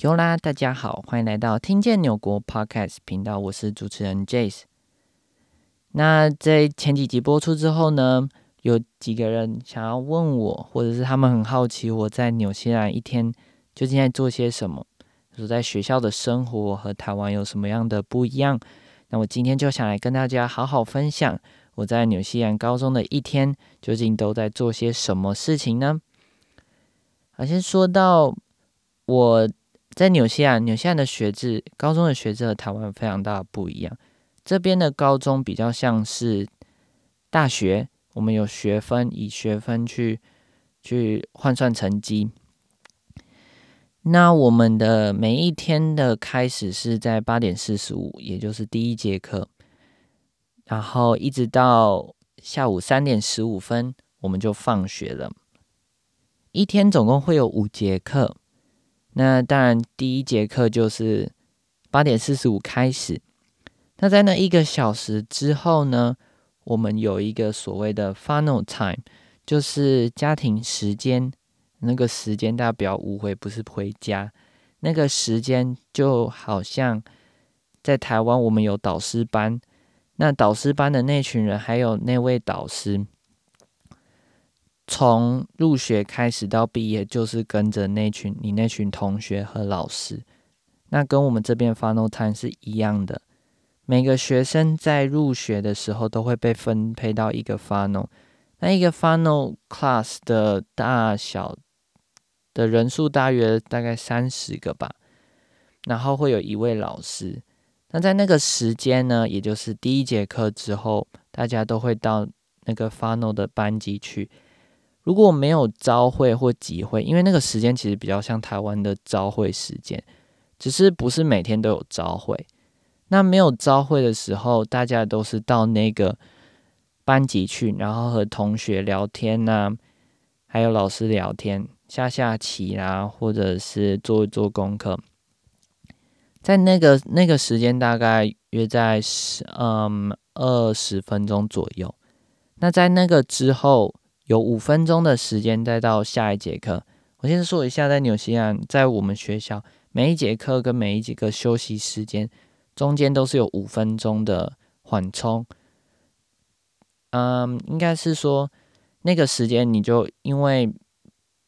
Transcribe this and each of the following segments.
Yo 啦，大家好，歡迎來到聽見紐國 Podcast 頻道，我是主持人 Jace。那在前幾集播出之後呢，有幾個人想要問我，或者是他們很好奇我在紐西蘭一天究竟在做些什麼，說在學校的生活和台灣有什麼樣的不一樣？那我今天就想來跟大家好好分享我在紐西蘭高中的一天究竟都在做些什麼事情呢？好，先說到我。在紐西蘭，紐西蘭的學制，高中的學制和台灣非常大不一樣。這邊的高中比較像是大學，我們有學分，以學分去去換算成績。那我們的每一天的開始是在八點四十五，也就是第一節課，然後一直到下午三點十五分，我們就放學了。一天總共會有五節課。那當然，第一節課就是八點四十五開始。那在那一個小時之後呢，我們有一個所謂的 final time，就是家庭時間。那個時間大家不要誤會，不是回家。那個時間就好像在台灣，我們有導師班。那導師班的那群人，還有那位導師。從入學開始到畢業，就是跟着那群你那群同學和老師。那跟我們這邊 form time 是一樣的。每個學生在入學的時候都會被分配到一個 form。那一個 form class 的大小的人數大約大概三十個吧。然後會有一位老師。那在那個時間呢，也就是第一節課之後，大家都會到那個 form 的班級去。如果沒有朝會或集會，因為那個時間其實比較像台灣的朝會時間，只是不是每天都有朝會。那沒有朝會的時候，大家都是到那個班級去，然後和同學聊天吶、啊，還有老師聊天，下下棋啊，或者是做一做功課。在那個那個時間，大概約在十嗯二十分鐘左右。那在那個之後。有五分鐘的時間，再到下一節課。我先說一下，在紐西蘭，在我們學校，每一節課跟每一節課休息時間中間都是有五分鐘的緩衝。嗯，應該是說那個時間你就因為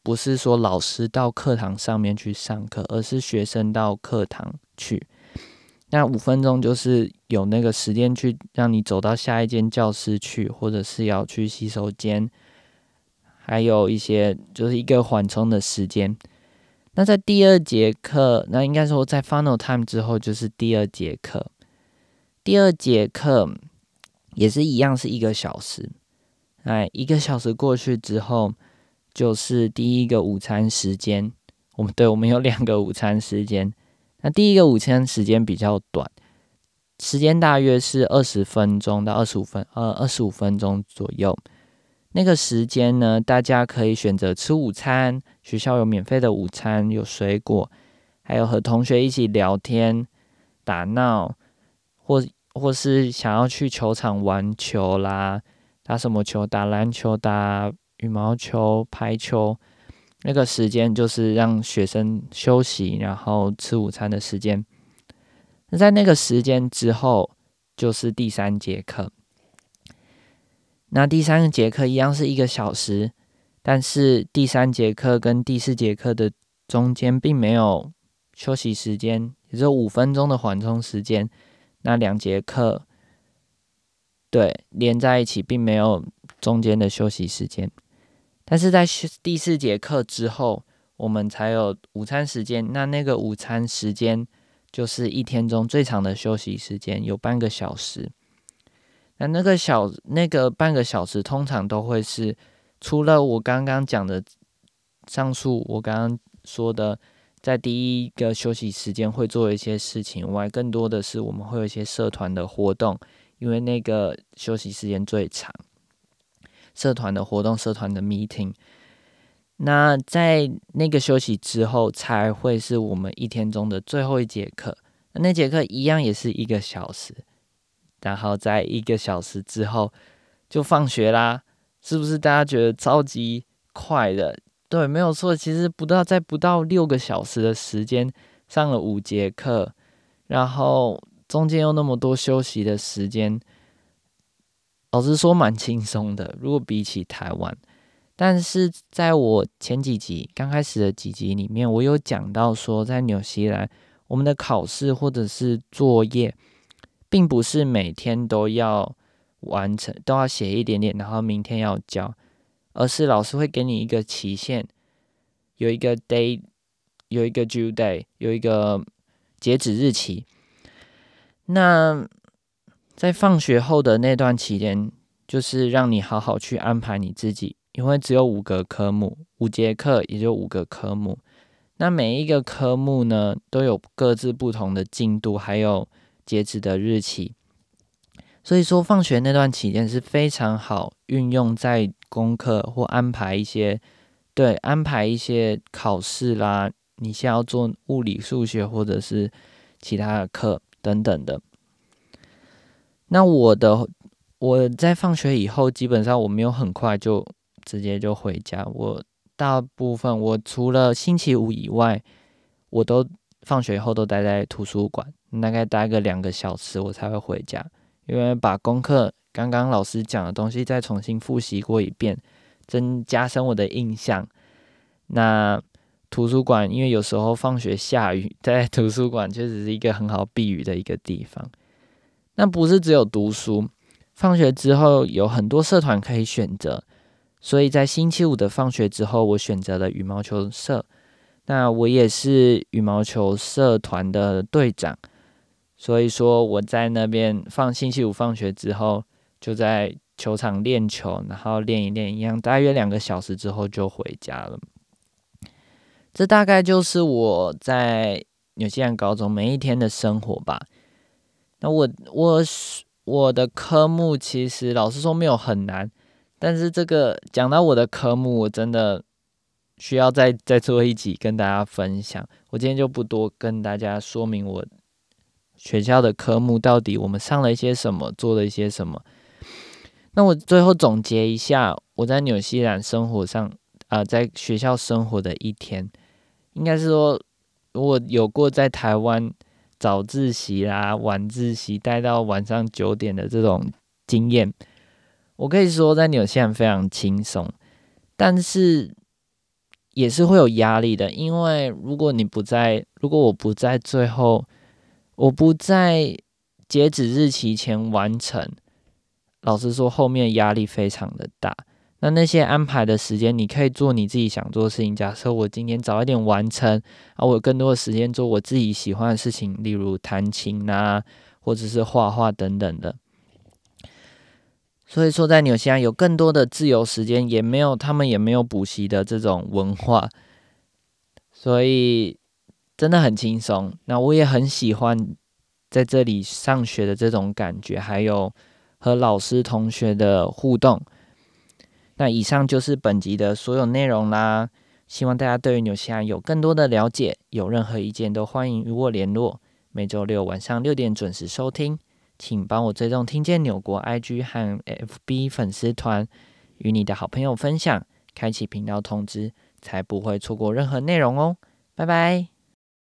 不是說老師到課堂上面去上課，而是學生到課堂去。那五分鐘就是有那個時間去讓你走到下一間教室去，或者是要去洗手間。還有一些就是一個緩衝的時間。那在第二節課，那應該說在 final time 之後就是第二節課。第二節課也是一樣，是一個小時。哎，一個小時過去之後，就是第一個午餐時間。我們對，我們有兩個午餐時間。那第一個午餐時間比較短，時間大約是二十分鐘到二十五分，呃，二十五分鐘左右。那個時間呢，大家可以選擇吃午餐。學校有免費的午餐，有水果，還有和同學一起聊天、打鬧，或或是想要去球場玩球啦，打什麼球？打籃球、打羽毛球、排球。那個時間就是讓學生休息，然後吃午餐的時間。那在那個時間之後，就是第三節課。那第三個節課一樣是一個小時，但是第三節課跟第四節課的中間並沒有休息時間，也就五分鐘的緩衝時間。那兩節課對連在一起，並沒有中間的休息時間。但是在第四節課之後，我們才有午餐時間。那那個午餐時間就是一天中最長的休息時間，有半個小時。那那個小那個半個小時，通常都會是除了我剛剛講的上述我剛剛說的，在第一個休息時間會做一些事情外，更多的是我們會有一些社團的活動，因為那個休息時間最長，社團的活動、社團的 meeting。那在那個休息之後，才會是我們一天中的最後一節課，那節課一樣也是一個小時。然後在一個小時之後就放學啦，是不是大家覺得超級快的？對，沒有錯。其實不到在不到六個小時的時間上了五節課，然後中間又那麼多休息的時間，老實說蠻輕鬆的，如果比起台灣。但是在我前幾集剛開始的幾集裡面，我有講到說，在紐西蘭我們的考試或者是作業。並不是每天都要完成，都要寫一點點，然後明天要交，而是老師會給你一個期限，有一個 day，有一個 due day，有一個截止日期。那在放學後的那段期間，就是讓你好好去安排你自己，因為只有五個科目，五節課也就五個科目。那每一個科目呢，都有各自不同的進度，還有。截止的日期，所以說放學那段期間是非常好運用在功課或安排一些，對，安排一些考試啦，你現在要做物理、數學或者是其他的課等等的。那我的，我在放學以後基本上我沒有很快就直接就回家，我大部分，我除了星期五以外，我都放學以後都待在圖書館。大概待個兩個小時，我才會回家，因為把功課剛剛老師講的東西再重新複習過一遍，真加深我的印象。那圖書館，因為有時候放學下雨，在圖書館確實是一個很好避雨的一個地方。那不是只有讀書，放學之後有很多社團可以選擇，所以在星期五的放學之後，我選擇了羽毛球社。那我也是羽毛球社團的隊長。所以說我在那邊放星期五放學之後，就在球場練球，然後練一練一樣，大約兩個小時之後就回家了。這大概就是我在紐西蘭高中每一天的生活吧。那我我我的科目其實老實說沒有很難，但是這個講到我的科目，我真的需要再再做一集跟大家分享。我今天就不多跟大家說明我。學校的科目到底我們上了一些什麼，做了一些什麼？那我最後總結一下，我在紐西蘭生活上，啊、呃，在學校生活的一天，應該是說，如果有過在台灣早自習啦、啊、晚自習待到晚上九點的這種經驗，我可以說在紐西蘭非常輕鬆，但是也是會有壓力的，因為如果你不在，如果我不在，最後。我不在截止日期前完成，老實說，後面壓力非常的大。那那些安排的時間，你可以做你自己想做的事情。假設我今天早一點完成，啊，我有更多的時間做我自己喜歡的事情，例如彈琴吶，啊，或者是畫畫等等的。所以說，在紐西蘭有更多的自由時間，也沒有他們也沒有補習的這種文化，所以。真的很輕鬆。那我也很喜歡在這裡上學的這種感覺，還有和老師同學的互動。那以上就是本集的所有內容啦。希望大家對於紐西蘭有更多的了解。有任何意見都歡迎與我聯絡。每週六晚上六點準時收聽，請幫我追蹤聽見紐國 IG 和 FB 粉絲團，與你的好朋友分享，開啟頻道通知，才不會錯過任何內容哦。拜拜。